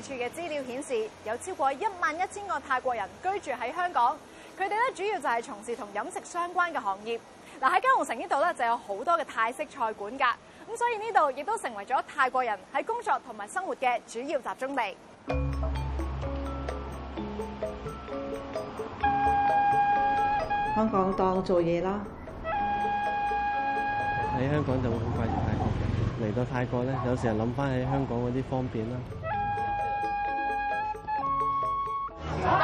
處嘅資料顯示，有超過一萬一千個泰國人居住喺香港，佢哋咧主要就係從事同飲食相關嘅行業。嗱，喺九龍城呢度咧就有好多嘅泰式菜館噶，咁所以呢度亦都成為咗泰國人喺工作同埋生活嘅主要集中地。香港當做嘢啦，喺 香港就會好掛住泰國嘅，嚟到泰國咧，有時諗翻喺香港嗰啲方便啦。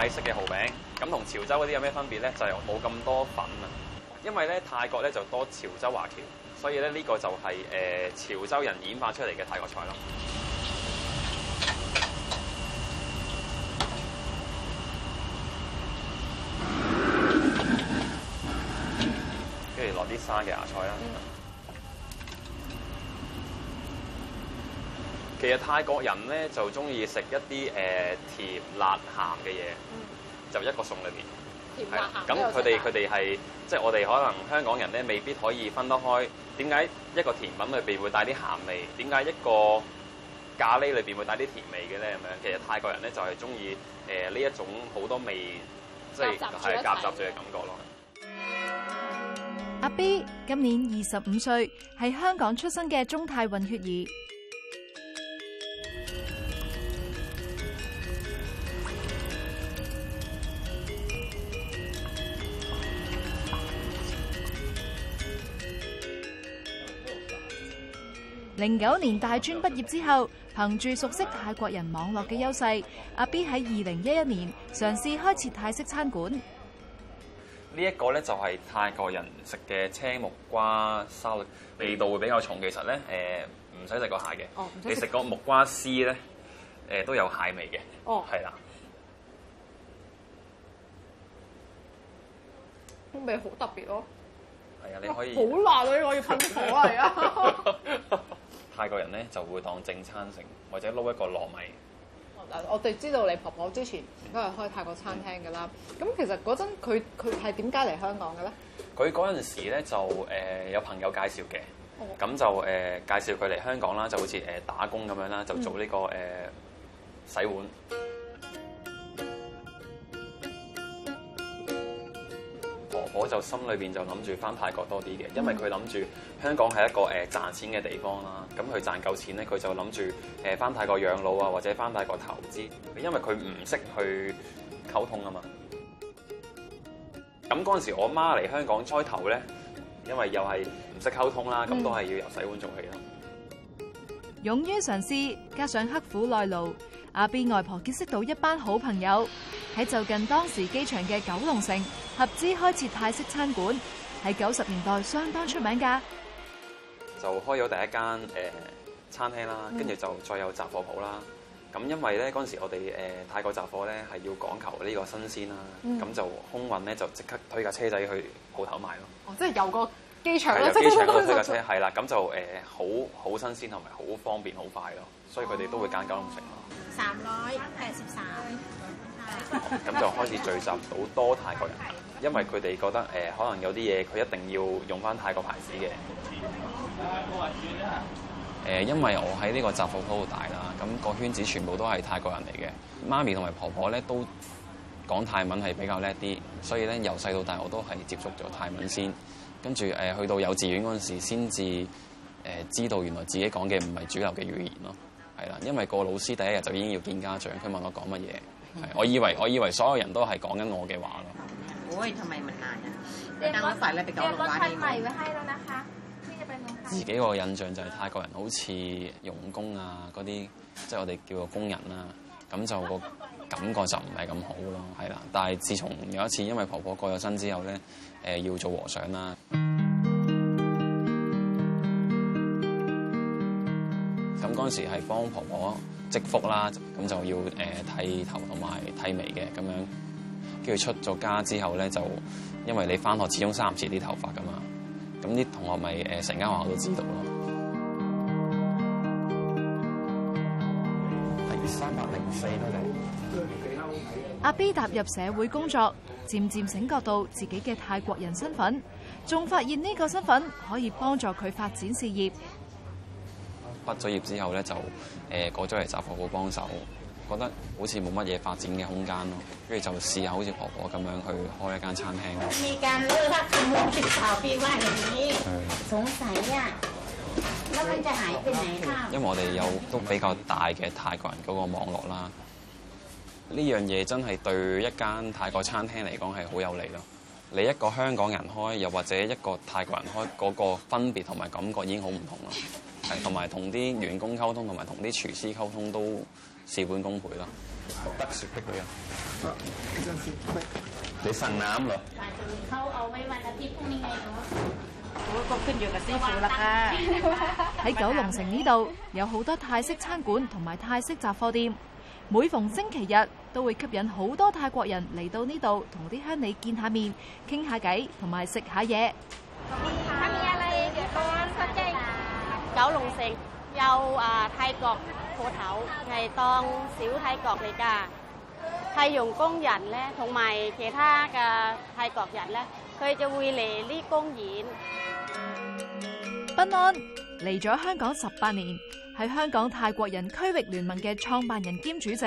泰式嘅蠔餅，咁同潮州嗰啲有咩分別咧？就係冇咁多粉啊，因為咧泰國咧就多潮州華僑，所以咧呢個就係、是、誒、呃、潮州人演化出嚟嘅泰國菜咯。跟住落啲生嘅芽菜啦。嗯其實泰國人咧就中意食一啲誒、呃、甜辣鹹嘅嘢，就一個餸裏邊。甜辣鹹，咁佢哋佢哋係即係我哋可能香港人咧未必可以分得開。點解一個甜品裏邊會帶啲鹹味？點解一個咖喱裏邊會帶啲甜味嘅咧？咁樣其實泰國人咧就係中意誒呢一種好多味，即係係夾雜住嘅感覺咯。阿 B 今年二十五歲，係香港出生嘅中泰混血兒。零九年大專畢業之後，憑住熟悉泰國人網絡嘅優勢，阿 B 喺二零一一年嘗試開設泰式餐館。呢、這、一個咧就係泰國人食嘅青木瓜沙律，味道會比較重。其實咧，誒唔使食個蟹嘅，你食個木瓜絲咧，誒都有蟹味嘅。哦，係啦，個味好特別咯。係啊，你可以。好、啊、辣女，我要噴火嚟啊！ 泰國人咧就會當正餐食，或者撈一個糯米。嗱，我哋知道你婆婆之前都係開泰國餐廳嘅啦。咁、嗯、其實嗰陣佢佢係點解嚟香港嘅咧？佢嗰陣時咧就、呃、有朋友介紹嘅，咁、哦、就、呃、介紹佢嚟香港啦，就好似、呃、打工咁樣啦，就做呢、這個、嗯呃、洗碗。我就心裏邊就諗住翻泰國多啲嘅，因為佢諗住香港係一個誒賺錢嘅地方啦。咁佢賺夠錢咧，佢就諗住誒翻泰國養老啊，或者翻泰國投資。因為佢唔識去溝通啊嘛。咁嗰陣時，我媽嚟香港初頭咧，因為又係唔識溝通啦，咁都係要由洗碗做起咯。勇於嘗試，加上刻苦耐勞。阿 B 外婆結識到一班好朋友，喺就近當時機場嘅九龍城合資開設泰式餐館，喺九十年代相當出名噶。就開咗第一間誒、呃、餐廳啦，跟、嗯、住就再有雜貨鋪啦。咁因為咧嗰陣時我哋誒、呃、泰國雜貨咧係要講求呢個新鮮啦，咁、嗯、就空運咧就即刻推架車仔去鋪頭賣咯。哦，即係有個。機場即係機場嗰出架車係啦，咁就誒好好新鮮同埋好方便好快咯，所以佢哋都會揀九龍城咯。三位誒，三、嗯、咁、嗯嗯嗯、就開始聚集到多泰國人，因為佢哋覺得誒、呃、可能有啲嘢佢一定要用翻泰國牌子嘅。誒、嗯嗯呃，因為我喺呢個雜貨鋪度大啦，咁、那個圈子全部都係泰國人嚟嘅。媽咪同埋婆婆咧都講泰文係比較叻啲，所以咧由細到大我都係接觸咗泰文先。跟住、呃、去到幼稚園嗰陣時，先至知道原來自己講嘅唔係主流嘅語言咯。係啦，因為個老師第一日就已經要見家長，佢問我講乜嘢。係， 我以為我以為所有人都係講緊我嘅話咯。喂，做咩問難啊？啲人攞曬嚟俾自己個印象就係泰國人好似傭工啊，嗰啲即係我哋叫做工人啦、啊。咁就個。感覺就唔係咁好咯，係啦。但係自從有一次因為婆婆過咗身之後咧，誒、呃、要做和尚啦。咁嗰陣時係幫婆婆積福啦，咁就要誒剃、呃、頭同埋剃眉嘅咁樣。跟住出咗家之後咧，就因為你返學始終三唔似啲頭髮㗎嘛，咁啲同學咪誒成間學校都知道咯。係三百零四都嚟。阿 B 踏入社會工作，漸漸醒覺到自己嘅泰國人身份，仲發現呢個身份可以幫助佢發展事業。畢咗業之後咧，就誒、呃、過咗嚟雜貨鋪幫手，覺得好似冇乜嘢發展嘅空間咯。跟住就試下好似婆婆咁樣去開一間餐廳。嗯、因為我哋有都比較大嘅泰國人嗰個網絡啦。呢樣嘢真係對一間泰國餐廳嚟講係好有利咯。你一個香港人開，又或者一個泰國人開，嗰個分別同埋感覺已經好唔同啦。係同埋同啲員工溝通，同埋同啲廚師溝通都事半功倍啦。得雪碧啊！你神癮咯！喺九龍城呢度有好多泰式餐館同埋泰式雜貨店，每逢星期日。都會吸引好多泰國人嚟到呢度同啲鄉里見下面，傾下偈，同埋食下嘢。阿咪阿嚟嘅，歡迎來九龍城有啊泰國鋪頭，係當小泰國嚟噶，係用工人咧，同埋其他嘅泰國人咧，佢就會嚟呢公園。平安嚟咗香港十八年，係香港泰國人區域聯盟嘅創辦人兼主席。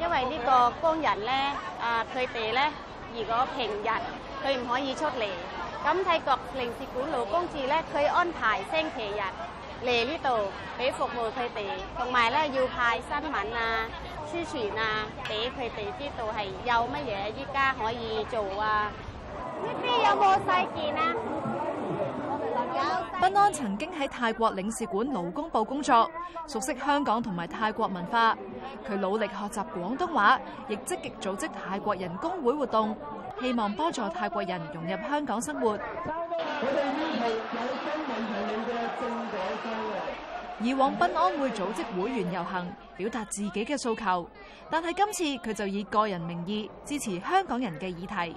因為呢個工人咧，啊，佢哋咧，如果平日佢唔可以出嚟，咁泰國領事館勞工處咧，佢安排星期日，嚟呢度俾服務佢哋，同埋咧要派新聞啊、宣傳啊，俾佢哋知道係有乜嘢依家可以做啊。呢邊有冇細件啊？賓安曾經喺泰國領事館勞工部工作，熟悉香港同埋泰國文化。佢努力學習廣東話，亦積極組織泰國人工會活動，希望幫助泰國人融入香港生活。以往賓安會組織會員遊行，表達自己嘅訴求，但係今次佢就以個人名義支持香港人嘅議題。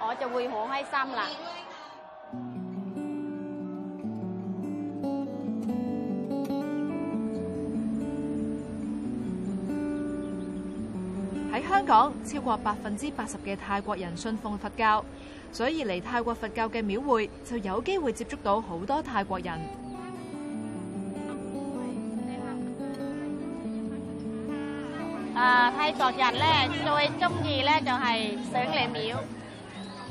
我就會好開心啦。喺香港，超過百分之八十嘅泰國人信奉佛教，所以嚟泰國佛教嘅廟會就有機會接觸到好多泰國人。啊，泰國人咧，最中意咧就係石獼廟。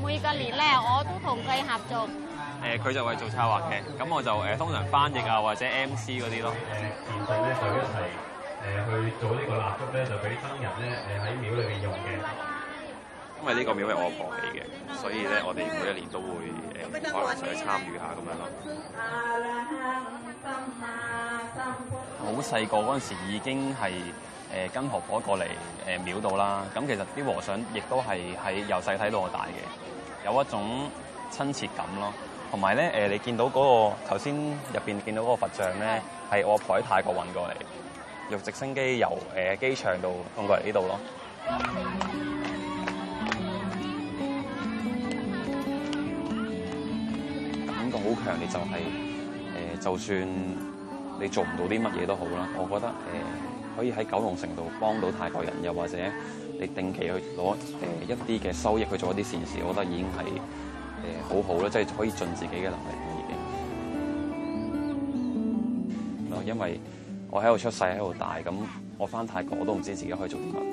每個年咧，我都同佢合作。誒、嗯，佢就係做插畫嘅，咁我就通常翻譯啊，或者 MC 嗰啲咯。誒，年份咧就一齊去做這個呢個蠟燭咧，就俾僧人咧誒喺廟裏邊用嘅。因為呢個廟係我管理嘅，所以咧我哋每一年都會誒可能一齊去參與下咁樣咯。好細個嗰陣時已經係。誒，跟婆婆過嚟誒、呃、廟度啦，咁其實啲和尚亦都係喺由細睇到我大嘅，有一種親切感咯。同埋咧誒，你見到嗰、那個頭先入邊見到嗰個佛像咧，係我阿婆喺泰國運過嚟，用直升機由誒、呃、機場度運過嚟呢度咯。感覺好強嘅就係、是呃、就算你做唔到啲乜嘢都好啦，我覺得誒。呃可以喺九龍城度幫到泰國人，又或者你定期去攞誒一啲嘅收益去做一啲善事，我覺得已經係誒好好啦，即係可以盡自己嘅能力已經。因為我喺度出世喺度大，咁我翻泰國我都唔知自己可以做啲乜。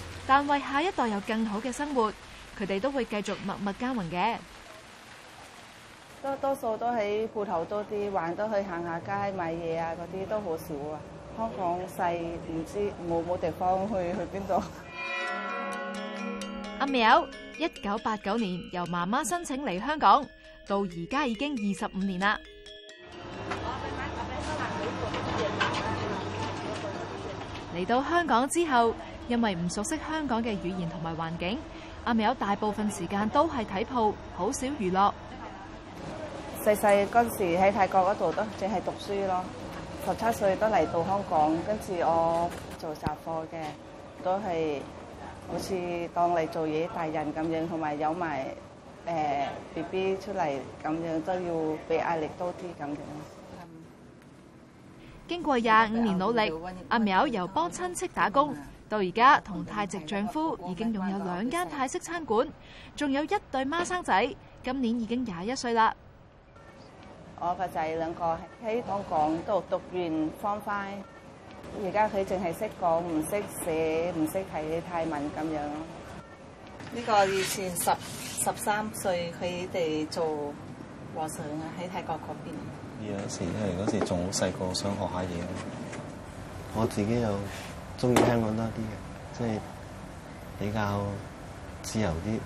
但為下一代有更好嘅生活，佢哋都會繼續默默耕耘嘅。多數在多數都喺鋪頭多啲，玩都去行下街買嘢啊，嗰啲都好少啊。香港細，唔知冇冇地方去去邊度？阿苗，一九八九年由媽媽申請嚟香港，到而家已經二十五年啦。嚟到香港之後。因為唔熟悉香港嘅語言同埋環境，阿苗大部分時間都係睇鋪，好少娛樂。細細嗰時喺泰國嗰度都淨係讀書咯，十七歲都嚟到香港，跟住我做雜貨嘅，都係好似當你做嘢大人咁樣，同埋有埋誒 B B 出嚟咁樣，都要俾壓力多啲咁樣。經過廿五年努力，阿苗由幫親戚打工。到而家同泰籍丈夫已經擁有兩間泰式餐館，仲有一對孖生仔，今年已經廿一歲啦。我個仔兩個喺香港度讀完方 o f i 而家佢淨係識講，唔識寫，唔識睇泰文咁樣。呢、這個以前十十三歲，佢哋做和尚喺泰國嗰邊。有時因為嗰時仲好細個，想學下嘢。我自己又。中意香港多啲嘅，即係比較自由啲。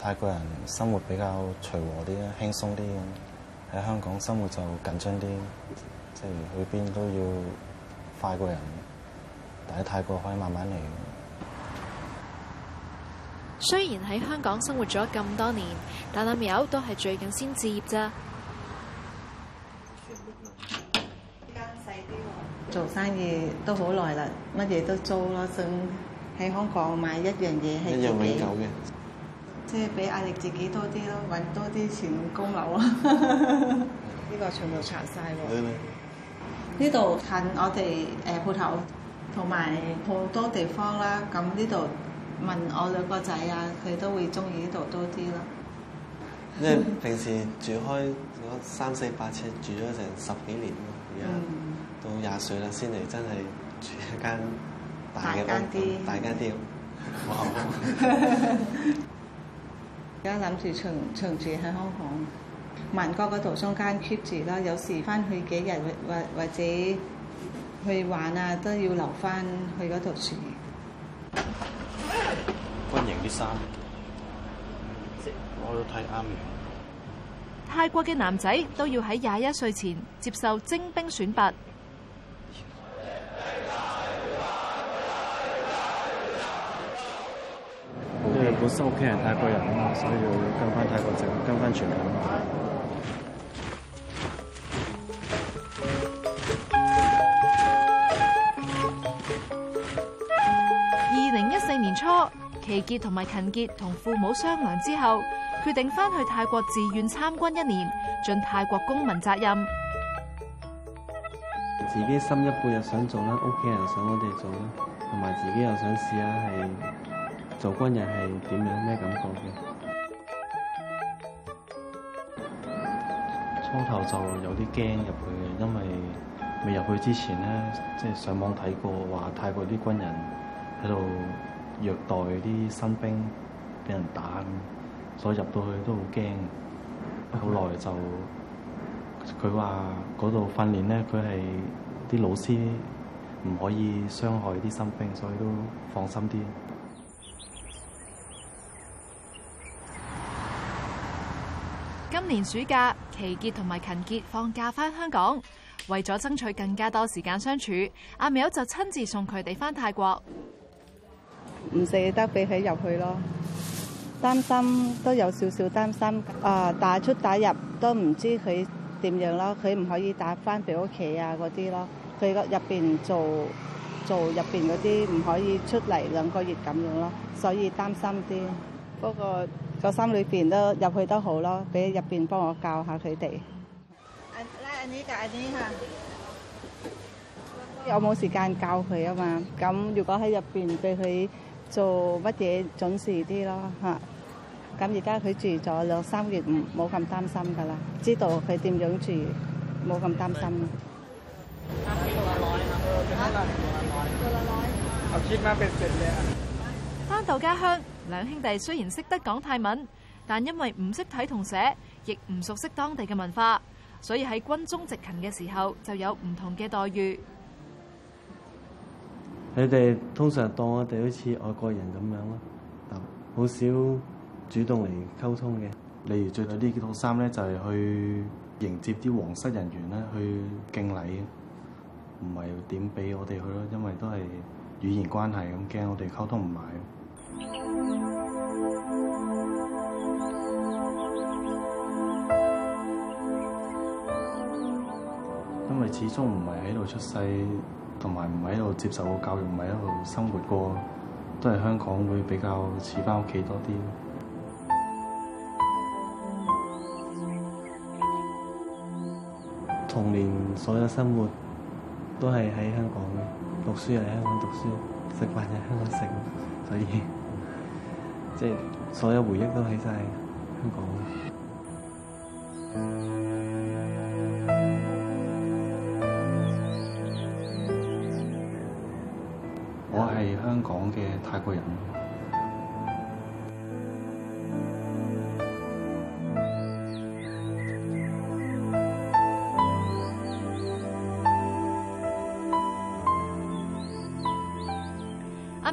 泰國人生活比較隨和啲啊，輕鬆啲。喺香港生活就緊張啲，即係去邊都要快過人。但喺泰國可以慢慢嚟。雖然喺香港生活咗咁多年，但阿苗都係最近先置業咋。做生意都好耐啦，乜嘢都租咯，想喺香港買一，件一樣嘢一樣永久嘅，即係俾壓力自己多啲咯，揾多啲錢供樓啊！呢 個全部拆晒喎，呢度近我哋誒鋪頭，同埋好多地方啦。咁呢度問我兩個仔啊，佢都會中意呢度多啲咯。因為平時住開嗰三四百尺，住咗成十幾年咯，而到廿歲啦，先嚟真係住一間大嘅大間好。而家諗住長長住喺香港，曼谷嗰度中間 keep 住啦。有時翻去幾日，或或者去玩啊，都要留翻去嗰度住。軍營啲衫，我都睇啱嘅。泰國嘅男仔都要喺廿一歲前接受精兵選拔。本身屋企人泰國人啊嘛，所以要跟翻泰國籍，跟翻傳統。二零一四年初，奇傑同埋勤傑同父母商量之後，決定翻去泰國自願參軍一年，盡泰國公民責任。自己心一輩又想做啦，屋企人又想我哋做啦，同埋自己又想試下係。做軍人係點樣咩感覺嘅？初頭就有啲驚入去嘅，因為未入去之前咧，即係上網睇過話泰國啲軍人喺度虐待啲新兵，俾人打咁，所以入到去都好驚。好耐就佢話嗰度訓練咧，佢係啲老師唔可以傷害啲新兵，所以都放心啲。今年暑假，祁杰同埋勤杰放假返香港，為咗爭取更加多時間相處，阿 Meow 就親自送佢哋返泰國，唔捨得俾佢入去咯，擔心都有少少擔心，啊、呃、打出打入都唔知佢點樣咯，佢唔可以打翻俾屋企啊嗰啲咯，佢個入邊做做入邊嗰啲唔可以出嚟兩個月咁樣咯，所以擔心啲，不過。個心裏邊都入去都好咯，俾入邊幫我教下佢哋。阿阿妮教阿妮嚇，有冇時間教佢啊嘛。咁如果喺入邊俾佢做乜嘢準時啲咯嚇。咁而家佢住咗兩三月唔冇咁擔心噶啦，知道佢點樣住冇咁擔心。翻到家鄉。兩兄弟雖然識得講泰文，但因為唔識睇同寫，亦唔熟悉當地嘅文化，所以喺軍中執勤嘅時候就有唔同嘅待遇。你哋通常當我哋好似外國人咁樣咯，好少主動嚟溝通嘅。例如着到呢幾套衫咧，就係去迎接啲皇室人員咧，去敬禮，唔係點俾我哋去咯，因為都係語言關係，咁驚我哋溝通唔埋。因為始終唔係喺度出世，同埋唔係喺度接受教育，唔係喺度生活過，都係香港會比較似翻屋企多啲。童年所有的生活都係喺香港嘅，讀書喺香港讀書，食飯喺香港食，所以。即係所有回憶都喺晒香港。我係香港嘅泰國人。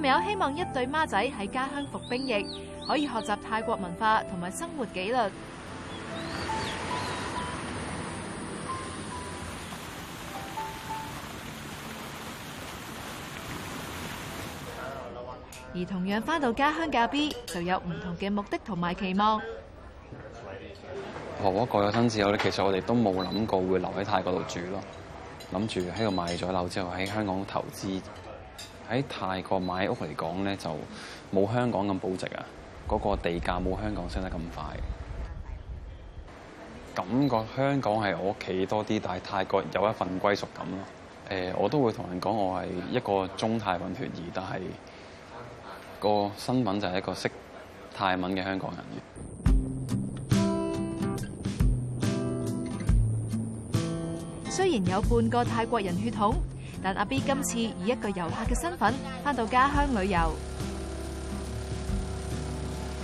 有希望一對孖仔喺家鄉服兵役，可以學習泰國文化同埋生活紀律。而同樣翻到家鄉嘅阿 B，就有唔同嘅目的同埋期望。婆婆過咗身之後咧，其實我哋都冇諗過會留喺泰國度住咯，諗住喺度賣咗樓之後喺香港投資。喺泰國買屋嚟講咧，就冇香港咁保值啊！嗰個地價冇香港升得咁快。感覺香港係我屋企多啲，但係泰國有一份歸屬感咯。誒，我都會同人講我係一個中泰混血兒，但係個身份就係一個識泰文嘅香港人。雖然有半個泰國人血統。但阿 B 今次以一個遊客嘅身份，翻到家鄉旅遊。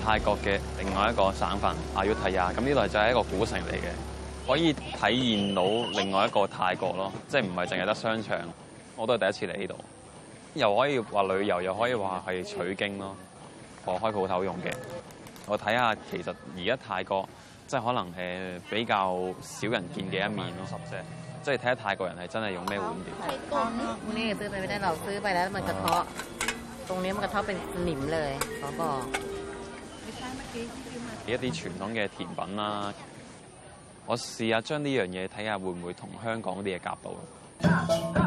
泰國嘅另外一個省份啊，要睇下，咁呢度就係一個古城嚟嘅，可以體驗到另外一個泰國咯，即係唔係淨係得商場。我都係第一次嚟呢度，又可以話旅遊，又可以話係取經咯，我開鋪頭用嘅。我睇下，其實而家泰國即係可能係比較少人見嘅一面咯，即、嗯、係。嗯.即係睇下泰國人係真係用咩碗碟。一啲傳統嘅甜品啦。我試下將呢樣嘢睇下會唔會同香港啲嘢夾到。